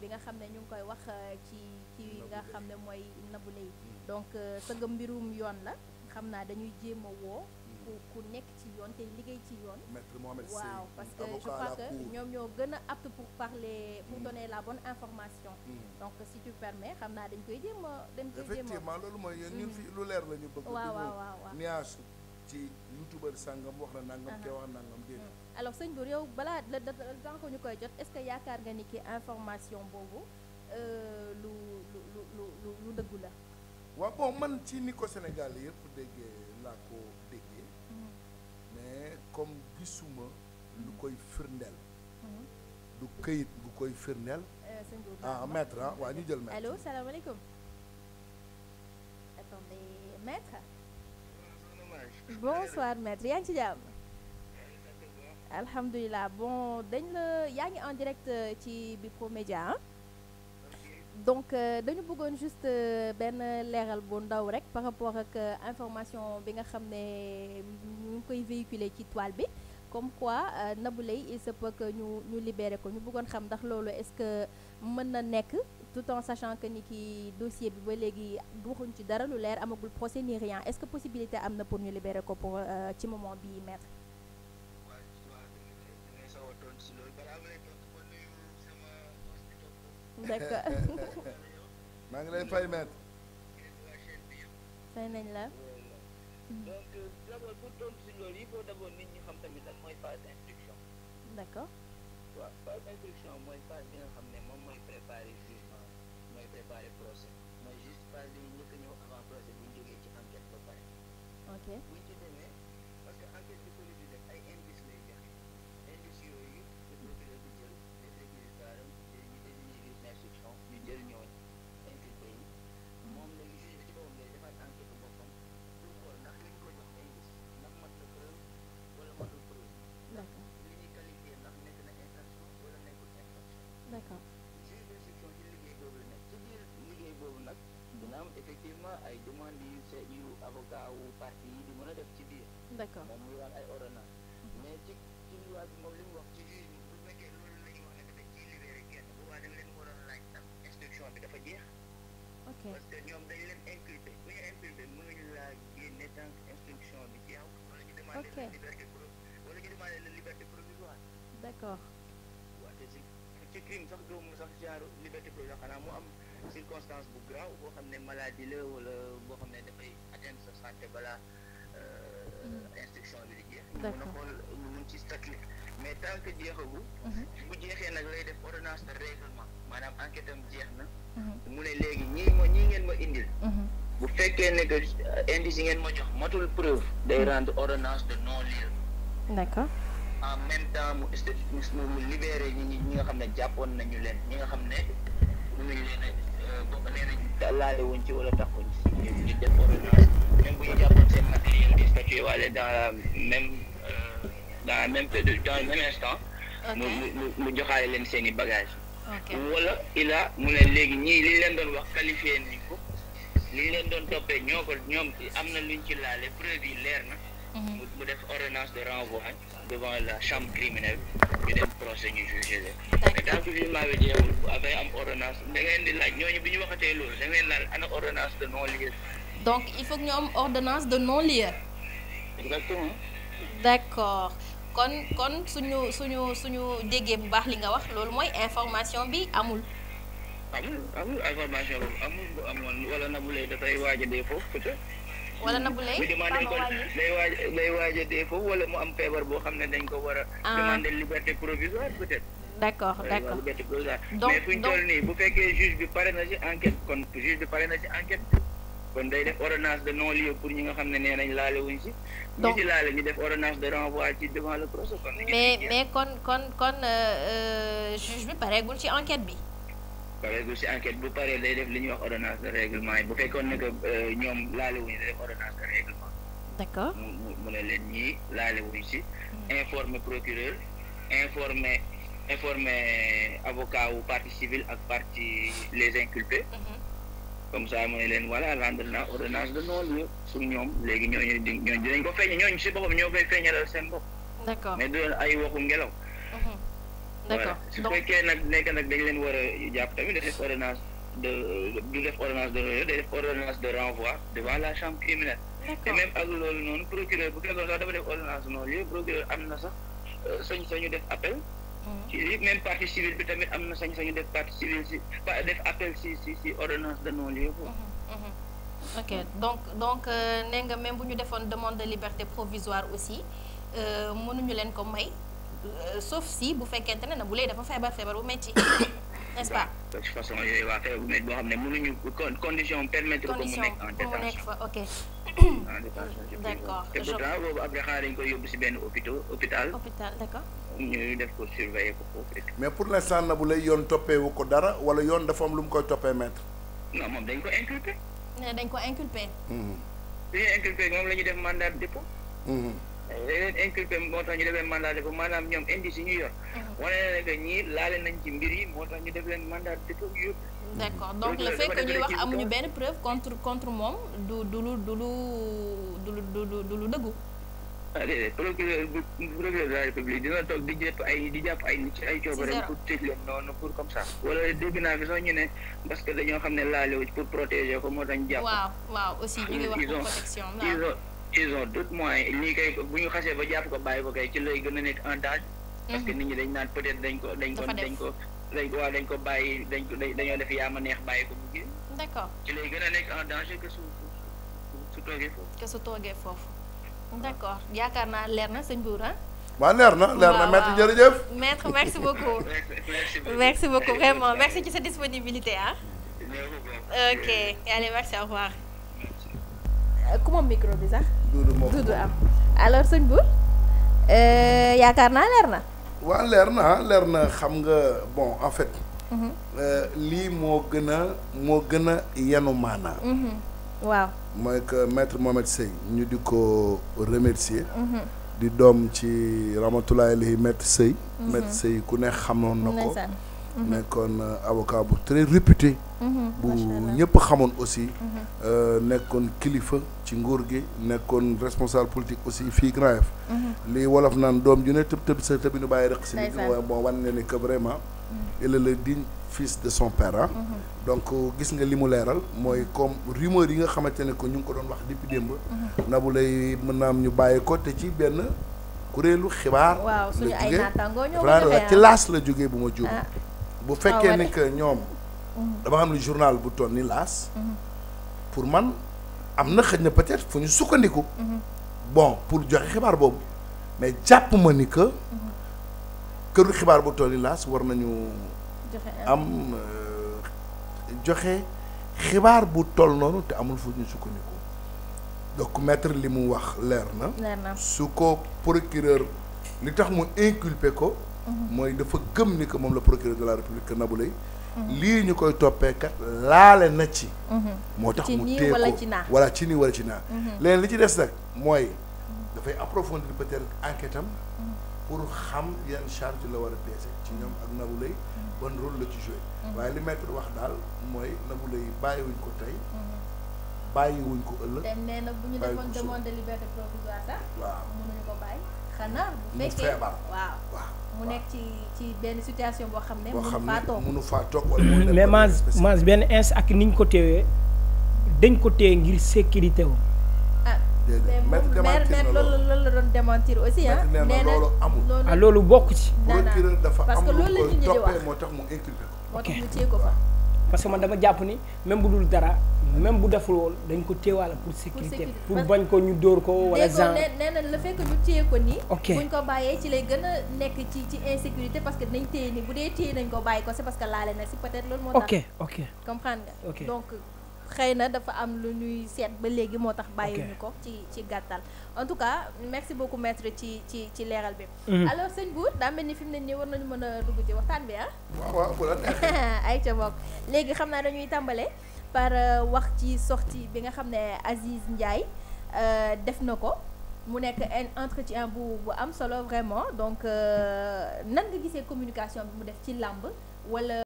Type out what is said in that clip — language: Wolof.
bi nga xam ne ñu ngi koy wax euh, ci ci nga xam ne mooy nabu Leye mm. donc sëgg euh, mbirum yoon la xam naa dañuy jéem a woo mm. ku ku nekk ci yoon te liggéey ci yoon waaw parce que je crois que ñoom ñoo gën a apte pour parler pour mm. donner la bon information donc si tu permets xam naa dañ koy jéem dañ koy jéem loolu mooy ñun fi lu leer la ñu bëgg waaw waaw waaw waaw ci youtubeur sàngam wax na nangam. kee wax nangam déedéet. Hmm. alors sëñ Bour yow balaa la da ko ñu koy jot est-ce que yaakaar nga ni ki information boobu euh, lu lu lu lu dëggu la. waaw bon man ci ni ko Sénégal yëpp déggee laa ko déggee. Hmm. mais comme gisuma lu hmm. koy firndeel. du këyit gu koy firndeel. Euh, sëñ Bour ah maître ah waaw ñu jël maître. allo salaamaaleykum. attendez bonsoir maître yaa ngi ci jàmm alhamdulilah bon dañ la yaa ngi en direct euh, ci Bprod Média donc euh, dañu bëggoon juste euh, benn leeral bu ndaw rek par rapport ak information bi nga xam ne ñu koy véhiculer ci toile bi comme quoi euh, Nabou Leye il se peut que ñu ñu libéré ko ñu buggoon xam ndax loolu est-ce que mën na nekk tout en sachant que ni ki dossier bi ba léegi waxuñ ci dara lu leer amagul procès ni rien est-ce que possibilité am na pour ñu libéré ko pour euh, ci moment bi maître d'accord maa ngi lay fay maître fay nañ la donc euh, d' abord pour tontu si loolu yi faut d' abord nit ñi xam tamit lan mooy phase d' instruction. d' accord. waaw phase d' instruction mooy phase bi nga xam ne moom mooy préparer jugement mooy préparer procès mooy juste phase bi njëkk a ñëw avant procès bu ñu jógee ci enquête ba pare. ok. na ay demande yu se yu avocat wu parti yi di mën a def ci biir d'accord moom muy waan ay ordonnance mais ci ci bi moom li mu wax ci juge bi bu fekkee loolu la bi dafa jeex ok parce que ñoom dañ leen inculpé bu ñu laa génne tant instruction bi jeex wala ñu demandé la liberté pro wala ñu demandé la liberté provisoire d'accord waate si ci crime sax doomu sax genre liberté provisoire xanaa mu am circonstance bu grave boo xam ne maladie la wala boo xam ne dafay atteindre sa santé balaa euh, mm. instruction bi di jeex. d' accord ñu mën mais tant que jeexagu. Mm-hmm. bu nag lay def ordonnance de maanaam enquête am jeex na. Mm-hmm. mu ne léegi ñii ma ñii ngeen ma indil. Mm-hmm. bu fekkee ne que euh, indice yi ngeen ma jox matul preuve day rendre ordonnance de non lieu. d' accord en même temps mu mu libéré ñi ñi nga xam ne jàppoon nañu leen ñi nga xam ne mënuñu leen laale wuñ ci wala taxuñ ci ñu def même bu ñu jàppoon seen matériel di statuer waale dans la même euh, dans la même dans le même instant mu mu mu joxaale leen seen i bagage wala ila mu ne léegi ñii li leen doon wax qualifié nañ ko li leen doon toppee ñoo ko ñoom am na luñ ci laale preuve yi leer na Mm-hmm. mu mu def ordonnance de renvoi devant la chambre criminelle ñu dem procès ñu jugé leen mais tant que jugement bi jeexul amee am ordonnance da ngeen di bi ñu waxatee loolu da ngeen laal ana ordonnance de non lieu donc il faut que ñu am ordonnance de non lieu exactement d'accord kon kon suñu suñu suñu déggee bu baax li nga wax loolu mooy information bi amul amul amul information boobu amul bu am wala na bu lay dafay waaj a dee foofu peut wala na bu lay demandé ko day waaj day waaj a wala mu am feebar boo xam ne dañ ko war a ah. demander liberté provisoire peut-être d'accord d'accord liberté provisoire mais fu bi pare na ci enquête kon pare na ci enquête kon day def ordonnance de non lieu pour ñi nga xam ne nee nañ laale wuñ ci donc ñu ci laale ñu def ordonnance de renvoi ci devant le procès kon mais mais kon kon kon euh, euh, juge bi pareegul ci enquête bi pareegul si enquête bu paree day def li ñuy wax ordonnance de règlement yi bu fekkoon ne que euh, ñoom laale wuñu day def ordonnance de règlement. d'accord mu ne leen ñii laale wuñu si. Hmm. informer procureur informer informer avocat wu partie civile ak partie les inculpés. Hmm. comme ça mu ne leen wala rendre na ordonnance de non-lieu pour ñoom léegi ñooñu di ñooñu dañ ko feeñ ñooñu si boppam ñoo koy feeñalal seen bopp. d'accord mais du ay waxu ngelaw. d'accord su fekkee nag nekk dañ leen war a jàpp tamit def def ordonnance de du def ordonnance de rejet day def la chambre criminelle. noonu yooyu procureur na sax euh, sañ-sañu def appel. Mm. ci même bi tamit am na sañ-sañu def partie si si si si ordonnance de non-lieu quoi. Mm-hmm. Mm-hmm. ok donc donc euh, nee nga bu ñu defoon demande de liberté provisoire aussi euh, mënuñu leen ko may. Euh, sauf si bu fekkente ne na bu lay dafa feebar feebar bu métti n'est-ce pas. de façon yooyu waa feebar bu métti boo xam ne mënuñu condition permettre ko mu nekk en détention mu nekk fa ok. en détention d'accord te pourtant boobu après xaar dañu yóbbu si benn hôpital hôpital d'accord. ñu def ko surveiller ko foofu mais pour l'instant na bu lay yoon toppeewu ko dara wala yoon dafa am lu mu koy toppee maître. non moom dañ ko inculpé. nee dañ ko inculpé. su ñuy inculpé moom la ñuy def mandat de léeg-léeg eh, inculpé moo tax ñu defee mandat de dépôt maanaam ñoom indi yi ñu yor. Mm. wane na ne que ñii laale nañ ci mbir yi moo tax ñu def leen mandat de dépôt yu. d' accord donc le fait que ñuy wax amuñu benn preuve contre contre moom du du lu du lu du lu du lu dëggu. ah déedéet procureur procureur de la république di jàpp ay di jàpp ay ci ay coobareem pour tëj leen noonu pour comme ça. wala dégg naa fi sax ñu ne parce que dañoo xam ne laale wu pour protéger ko moo tax ñu jàpp. waaw waaw aussi ñu ngi wax protection waaw. ils ont d'autres moyens lii kay bu ñu xasee ba jàpp ko bàyyi ko kay ci lay gën a nekk un danger. parce mhm. nit ñi dañ naan peut dañ ko dañ ko dañ ko dañ ko waaw dañ bàyyi dañ ko dañoo def yaa ma neex bàyyi ko bu d'accord ci lay gën a nekk un danger que su su toogee foofu. que su toogee foofu d'accord yaakaar naa leer na sëñ Bour ah? waaw leer na leer na maître jërëjëf. maître merci beaucoup. merci beaucoup vraiment merci ci sa disponibilité ah. ok allez merci au revoir. Euh, ku moom micro bi sax. duudu moo duudu am alors sëñ Bour euh, yaakaar naa leer na waaw leer na leer na xam nga bon en fait mhm. euh, lii moo gën a moo gën a yenu maanaa mhm. waaw mooy que metre Mohamed Seye ñu di ko remercier mhm. di doom ci Ramatoulaye Lahi maître Seye maître Seye ku ne xamoon na ko Mm-hmm. nekkoon euh, avocat bu très réputé mm-hmm. bu ñëpp xamoon aussi mm-hmm. euh, nekkoon kilifa ci nguur gi nekkoon responsable politique aussi fii Grand Yoff lii wolof naan doom ju ne tëb tëb sa tëbinu bàyyi rek si moo wan ne ni que vraiment il est le son père donc gis nga li mu leeral mooy comme rumeur yi nga xamante ne que ñu ngi ko doon wax depuis démb Nabou Leye mën naa am ñu bàyyi ko te ci benn kuréelu xibaar waaw suñu ci ah. laas la jógee bu ma juum ah. bu fekkee ah, ne que ñoom mm-hmm. dama xam ne journal bu toll ni laas mm-hmm. pour man am na xëñ na peut-être fu ñu sukkandiku mm-hmm. bon pour joxe xibaar boobu mais jàpp ma ni que këru xibaar bu toll ni laas war nañu am euh, joxe xibaar bu toll noonu te amul fu ñu sukkandiku donc maître li mu wax leer na su ko procureur li tax mu inculpé ko Mhm. mooy dafa gëm ni que moom la procureur de la république que Nabou lii ñu koy toppeekat laale na ci. Mhm. moo tax mu téye ko voilà ci nii wala ci naa. Mhm. leneen li ci des nag mooy dafay approfondir peut-être enquête am pour xam yan charge la war a peese ci ñoom ak Nabou Leye ban rôle la ci joué. waaye li maître wax daal mooy Nabou Leye bàyyiwuñ ko tey. bàyyiwuñ ko ëllëg. bàyyiwuñ ko bu ñu defoon de liberté provisoire sax. waaw mënuñu ko bàyyi. xanaa bu fekkee waaw. mu nekk ci ci benn situation boo xam ne. mënu faa toog mais Mass Mass benn ince ak ni ñu ko téyee dañ ko téye ngir sécurité wu. Ah, mais moom loolu la doon démentir aussi ah. nee na loolu amul loolu ah, bokk ci. dafa am lu koy toppee moo mu inculpé ko. parce que man dama jàpp ni même bu dul dara. même bu deful woon dañ ko téewaale pour sécurité pour bañ ko ñu dóor ko wala genre nee na le fait que ñu téye ko nii ok buñ ko bàyyee ci lay gën a nekk ci ci insécurité parce que dinañ téye nii bu dee téye nañ ko bàyyi ko c'est parce que laale na si peut-être loolu moo tax ok ok comprendre nga donc xëy na dafa am lu ñuy seet ba léegi moo tax bàyyi bàyyiwuñu ko ci ci gàttal en tout cas merci beaucoup mettre ci ci ci leeral bi. Mhm. alors sëñ Bour daa mel ni fi mu ne nii war nañu mën a dugg ci waxtaan bi ah. waaw léegi xam naa dañuy tàmbale. par euh, wax ci sorti bi nga xam ne Aziz Ndiaye euh, def na ko mu nekk un entretien bu bu am solo vraiment donc euh, nan nga gisee communication bi mu def ci làmb wala